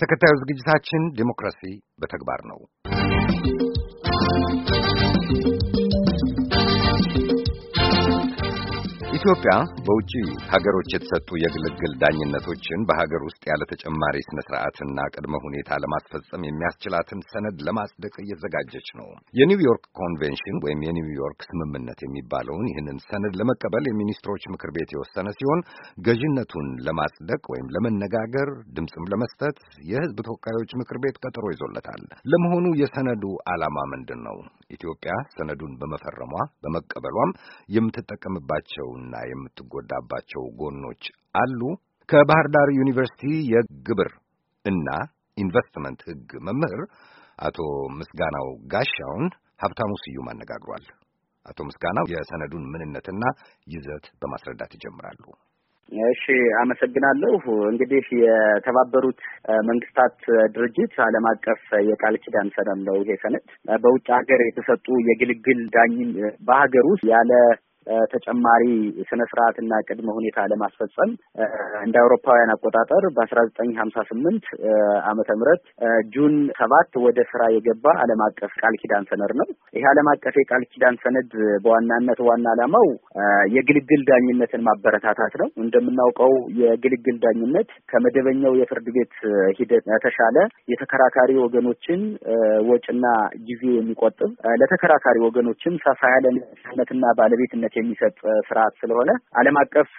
ተከታዩ ዝግጅታችን ዲሞክራሲ በተግባር ነው። ኢትዮጵያ በውጪ ሀገሮች የተሰጡ የግልግል ዳኝነቶችን በሀገር ውስጥ ያለ ተጨማሪ ስነ ስርዓትና ቅድመ ሁኔታ ለማስፈጸም የሚያስችላትን ሰነድ ለማጽደቅ እየተዘጋጀች ነው። የኒውዮርክ ኮንቬንሽን ወይም የኒውዮርክ ስምምነት የሚባለውን ይህንን ሰነድ ለመቀበል የሚኒስትሮች ምክር ቤት የወሰነ ሲሆን ገዥነቱን ለማጽደቅ ወይም ለመነጋገር ድምፅም ለመስጠት የህዝብ ተወካዮች ምክር ቤት ቀጠሮ ይዞለታል። ለመሆኑ የሰነዱ ዓላማ ምንድን ነው? ኢትዮጵያ ሰነዱን በመፈረሟ በመቀበሏም የምትጠቀምባቸውን የምትችላቸውና የምትጎዳባቸው ጎኖች አሉ። ከባህር ዳር ዩኒቨርሲቲ የግብር እና ኢንቨስትመንት ሕግ መምህር አቶ ምስጋናው ጋሻውን ሀብታሙ ስዩም አነጋግሯል። አቶ ምስጋናው የሰነዱን ምንነትና ይዘት በማስረዳት ይጀምራሉ። እሺ፣ አመሰግናለሁ። እንግዲህ የተባበሩት መንግስታት ድርጅት ዓለም አቀፍ የቃል ኪዳን ሰነድ ነው። ይሄ ሰነድ በውጭ ሀገር የተሰጡ የግልግል ዳኝን በሀገር ውስጥ ያለ ተጨማሪ ስነ ስርዓትና ቅድመ ሁኔታ ለማስፈጸም እንደ አውሮፓውያን አቆጣጠር በአስራ ዘጠኝ ሀምሳ ስምንት አመተ ምህረት ጁን ሰባት ወደ ስራ የገባ ዓለም አቀፍ ቃል ኪዳን ሰነድ ነው። ይህ ዓለም አቀፍ የቃል ኪዳን ሰነድ በዋናነት ዋና ዓላማው የግልግል ዳኝነትን ማበረታታት ነው። እንደምናውቀው የግልግል ዳኝነት ከመደበኛው የፍርድ ቤት ሂደት ተሻለ የተከራካሪ ወገኖችን ወጪና ጊዜ የሚቆጥብ ለተከራካሪ ወገኖችም ሰፋ ያለ ነፃነትና ባለቤትነት የሚሰጥ ስርዓት ስለሆነ ዓለም አቀፍ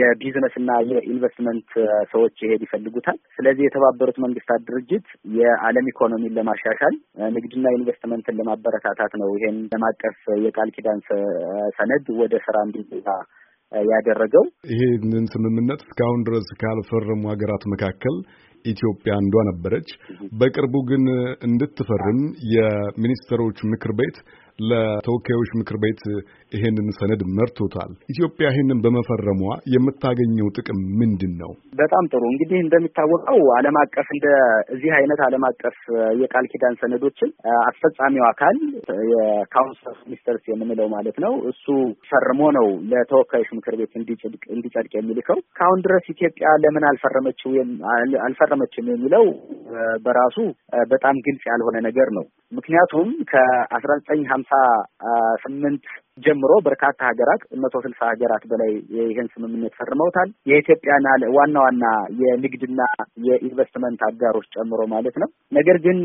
የቢዝነስ እና የኢንቨስትመንት ሰዎች ይሄድ ይፈልጉታል። ስለዚህ የተባበሩት መንግስታት ድርጅት የዓለም ኢኮኖሚን ለማሻሻል ንግድና ኢንቨስትመንትን ለማበረታታት ነው ይሄን ዓለም አቀፍ የቃል ኪዳን ሰነድ ወደ ስራ እንዲገባ ያደረገው። ይህንን ስምምነት እስካሁን ድረስ ካልፈረሙ ሀገራት መካከል ኢትዮጵያ አንዷ ነበረች። በቅርቡ ግን እንድትፈርም የሚኒስትሮች ምክር ቤት ለተወካዮች ምክር ቤት ይሄንን ሰነድ መርቶታል። ኢትዮጵያ ይሄንን በመፈረሟ የምታገኘው ጥቅም ምንድን ነው? በጣም ጥሩ። እንግዲህ እንደሚታወቀው ዓለም አቀፍ እንደ እዚህ አይነት ዓለም አቀፍ የቃል ኪዳን ሰነዶችን አስፈጻሚው አካል የካውንስል ሚኒስተርስ የምንለው ማለት ነው እሱ ፈርሞ ነው ለተወካዮች ምክር ቤት እንዲጸድቅ የሚልከው። ከአሁን ድረስ ኢትዮጵያ ለምን አልፈረመችው አልፈረመችም የሚለው በራሱ በጣም ግልጽ ያልሆነ ነገር ነው። ምክንያቱም ከአስራ ዘጠኝ ከሀምሳ ስምንት ጀምሮ በርካታ ሀገራት መቶ ስልሳ ሀገራት በላይ ይህን ስምምነት ፈርመውታል። የኢትዮጵያን ዋና ዋና የንግድና የኢንቨስትመንት አጋሮች ጨምሮ ማለት ነው። ነገር ግን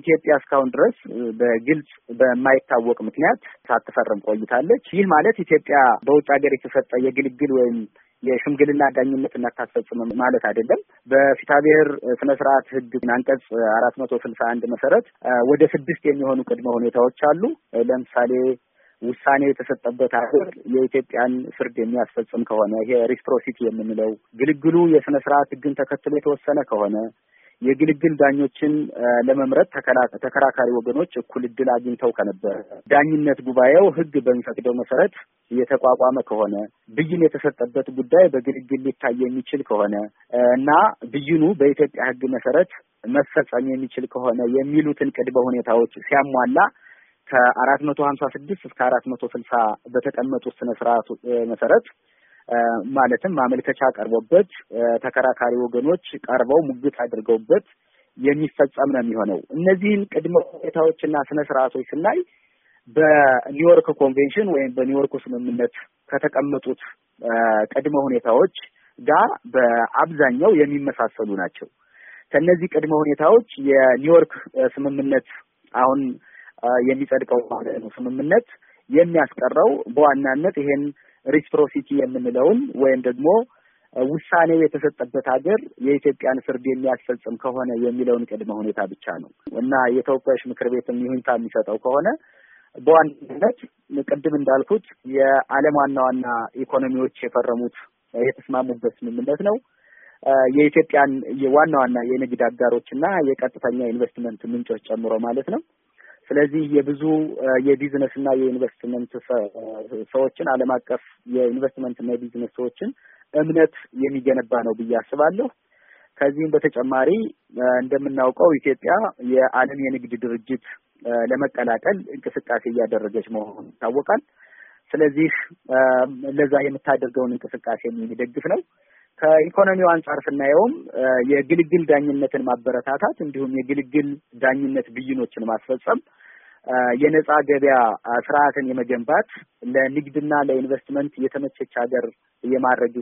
ኢትዮጵያ እስካሁን ድረስ በግልጽ በማይታወቅ ምክንያት ሳትፈርም ቆይታለች። ይህ ማለት ኢትዮጵያ በውጭ ሀገር የተሰጠ የግልግል ወይም የሽምግልና ዳኝነት እናታስፈጽምም ማለት አይደለም። በፍትሐብሔር ስነ ስርዓት ህግ አንቀጽ አራት መቶ ስልሳ አንድ መሰረት ወደ ስድስት የሚሆኑ ቅድመ ሁኔታዎች አሉ። ለምሳሌ ውሳኔ የተሰጠበት ሀገር የኢትዮጵያን ፍርድ የሚያስፈጽም ከሆነ ይሄ ሪስፕሮሲቲ የምንለው ግልግሉ የስነ ስርዓት ህግን ተከትሎ የተወሰነ ከሆነ የግልግል ዳኞችን ለመምረጥ ተከራካሪ ወገኖች እኩል እድል አግኝተው ከነበረ ዳኝነት ጉባኤው ሕግ በሚፈቅደው መሰረት የተቋቋመ ከሆነ ብይን የተሰጠበት ጉዳይ በግልግል ሊታይ የሚችል ከሆነ እና ብይኑ በኢትዮጵያ ሕግ መሰረት መፈጸም የሚችል ከሆነ የሚሉትን ቅድመ ሁኔታዎች ሲያሟላ ከአራት መቶ ሀምሳ ስድስት እስከ አራት መቶ ስልሳ በተቀመጡ ስነ ስርዓቱ መሰረት ማለትም ማመልከቻ ቀርቦበት ተከራካሪ ወገኖች ቀርበው ሙግት አድርገውበት የሚፈጸም ነው የሚሆነው። እነዚህን ቅድመ ሁኔታዎችና ስነ ስርዓቶች ስናይ በኒውዮርክ ኮንቬንሽን ወይም በኒውዮርኩ ስምምነት ከተቀመጡት ቅድመ ሁኔታዎች ጋር በአብዛኛው የሚመሳሰሉ ናቸው። ከእነዚህ ቅድመ ሁኔታዎች የኒውዮርክ ስምምነት አሁን የሚጸድቀው ማለት ነው ስምምነት የሚያስቀረው በዋናነት ይሄን ሪስፕሮሲቲ የምንለውን ወይም ደግሞ ውሳኔው የተሰጠበት ሀገር የኢትዮጵያን ፍርድ የሚያስፈጽም ከሆነ የሚለውን ቅድመ ሁኔታ ብቻ ነው እና የተወካዮች ምክር ቤትም ይሁንታ የሚሰጠው ከሆነ በዋናነት ቅድም እንዳልኩት የዓለም ዋና ዋና ኢኮኖሚዎች የፈረሙት የተስማሙበት ስምምነት ነው። የኢትዮጵያን ዋና ዋና የንግድ አጋሮች እና የቀጥተኛ ኢንቨስትመንት ምንጮች ጨምሮ ማለት ነው ስለዚህ የብዙ የቢዝነስ እና የኢንቨስትመንት ሰዎችን ዓለም አቀፍ የኢንቨስትመንት እና የቢዝነስ ሰዎችን እምነት የሚገነባ ነው ብዬ አስባለሁ። ከዚህም በተጨማሪ እንደምናውቀው ኢትዮጵያ የዓለም የንግድ ድርጅት ለመቀላቀል እንቅስቃሴ እያደረገች መሆኑ ይታወቃል። ስለዚህ ለዛ የምታደርገውን እንቅስቃሴ የሚደግፍ ነው። ከኢኮኖሚው አንጻር ስናየውም የግልግል ዳኝነትን ማበረታታት እንዲሁም የግልግል ዳኝነት ብይኖችን ማስፈጸም የነፃ ገበያ ስርዓትን የመገንባት ለንግድና ለኢንቨስትመንት የተመቸች ሀገር የማድረግ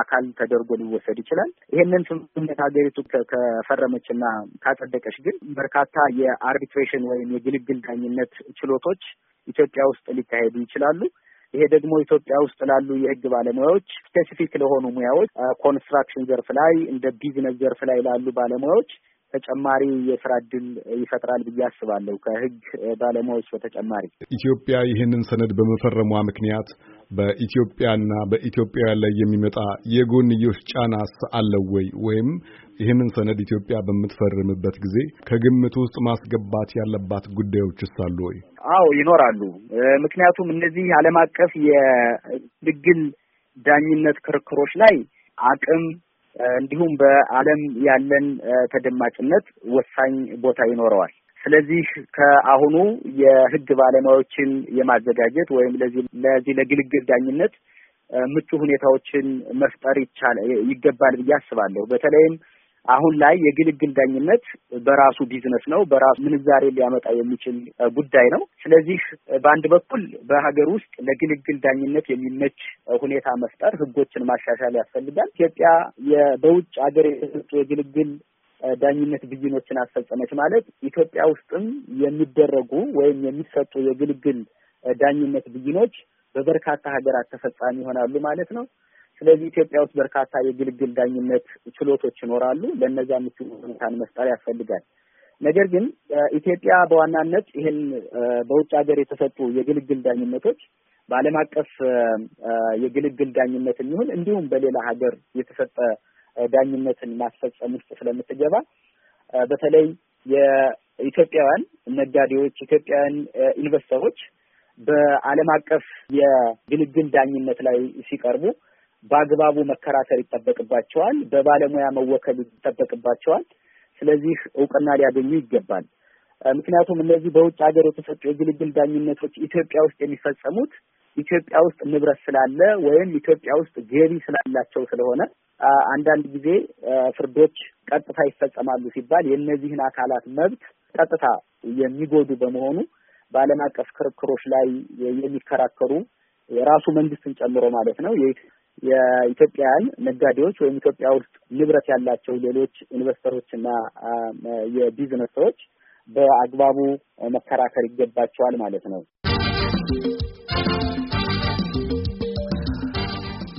አካል ተደርጎ ሊወሰድ ይችላል። ይሄንን ስምምነት ሀገሪቱ ከፈረመችና ካጸደቀች ግን በርካታ የአርቢትሬሽን ወይም የግልግል ዳኝነት ችሎቶች ኢትዮጵያ ውስጥ ሊካሄዱ ይችላሉ። ይሄ ደግሞ ኢትዮጵያ ውስጥ ላሉ የህግ ባለሙያዎች ስፔሲፊክ ለሆኑ ሙያዎች ኮንስትራክሽን ዘርፍ ላይ እንደ ቢዝነስ ዘርፍ ላይ ላሉ ባለሙያዎች ተጨማሪ የስራ እድል ይፈጥራል ብዬ አስባለሁ። ከህግ ባለሙያዎች በተጨማሪ ኢትዮጵያ ይህንን ሰነድ በመፈረሟ ምክንያት በኢትዮጵያና በኢትዮጵያውያን ላይ የሚመጣ የጎንዮሽ ጫናስ አለው ወይ? ወይም ይህንን ሰነድ ኢትዮጵያ በምትፈርምበት ጊዜ ከግምት ውስጥ ማስገባት ያለባት ጉዳዮችስ አሉ ወይ? አዎ ይኖራሉ። ምክንያቱም እነዚህ ዓለም አቀፍ የድግል ዳኝነት ክርክሮች ላይ አቅም እንዲሁም በዓለም ያለን ተደማጭነት ወሳኝ ቦታ ይኖረዋል። ስለዚህ ከአሁኑ የህግ ባለሙያዎችን የማዘጋጀት ወይም ለዚህ ለዚህ ለግልግል ዳኝነት ምቹ ሁኔታዎችን መፍጠር ይቻል ይገባል ብዬ አስባለሁ። በተለይም አሁን ላይ የግልግል ዳኝነት በራሱ ቢዝነስ ነው፣ በራሱ ምንዛሬ ሊያመጣ የሚችል ጉዳይ ነው። ስለዚህ በአንድ በኩል በሀገር ውስጥ ለግልግል ዳኝነት የሚመች ሁኔታ መፍጠር፣ ህጎችን ማሻሻል ያስፈልጋል። ኢትዮጵያ በውጭ ሀገር የግልግል ዳኝነት ብይኖችን አስፈጸመች ማለት ኢትዮጵያ ውስጥም የሚደረጉ ወይም የሚሰጡ የግልግል ዳኝነት ብይኖች በበርካታ ሀገራት ተፈጻሚ ይሆናሉ ማለት ነው። ስለዚህ ኢትዮጵያ ውስጥ በርካታ የግልግል ዳኝነት ችሎቶች ይኖራሉ። ለእነዛ ምቹ ሁኔታን መፍጠር ያስፈልጋል። ነገር ግን ኢትዮጵያ በዋናነት ይህን በውጭ ሀገር የተሰጡ የግልግል ዳኝነቶች በዓለም አቀፍ የግልግል ዳኝነት የሚሆን እንዲሁም በሌላ ሀገር የተሰጠ ዳኝነትን ማስፈጸም ውስጥ ስለምትገባ በተለይ የኢትዮጵያውያን ነጋዴዎች፣ ኢትዮጵያውያን ኢንቨስተሮች በዓለም አቀፍ የግልግል ዳኝነት ላይ ሲቀርቡ በአግባቡ መከራከር ይጠበቅባቸዋል። በባለሙያ መወከል ይጠበቅባቸዋል። ስለዚህ እውቅና ሊያገኙ ይገባል። ምክንያቱም እነዚህ በውጭ ሀገር የተሰጡ የግልግል ዳኝነቶች ኢትዮጵያ ውስጥ የሚፈጸሙት ኢትዮጵያ ውስጥ ንብረት ስላለ ወይም ኢትዮጵያ ውስጥ ገቢ ስላላቸው ስለሆነ አንዳንድ ጊዜ ፍርዶች ቀጥታ ይፈጸማሉ ሲባል የእነዚህን አካላት መብት ቀጥታ የሚጎዱ በመሆኑ በዓለም አቀፍ ክርክሮች ላይ የሚከራከሩ የራሱ መንግስትን ጨምሮ ማለት ነው የኢትዮጵያውያን ነጋዴዎች ወይም ኢትዮጵያ ውስጥ ንብረት ያላቸው ሌሎች ኢንቨስተሮች እና የቢዝነስ ሰዎች በአግባቡ መከራከር ይገባቸዋል ማለት ነው።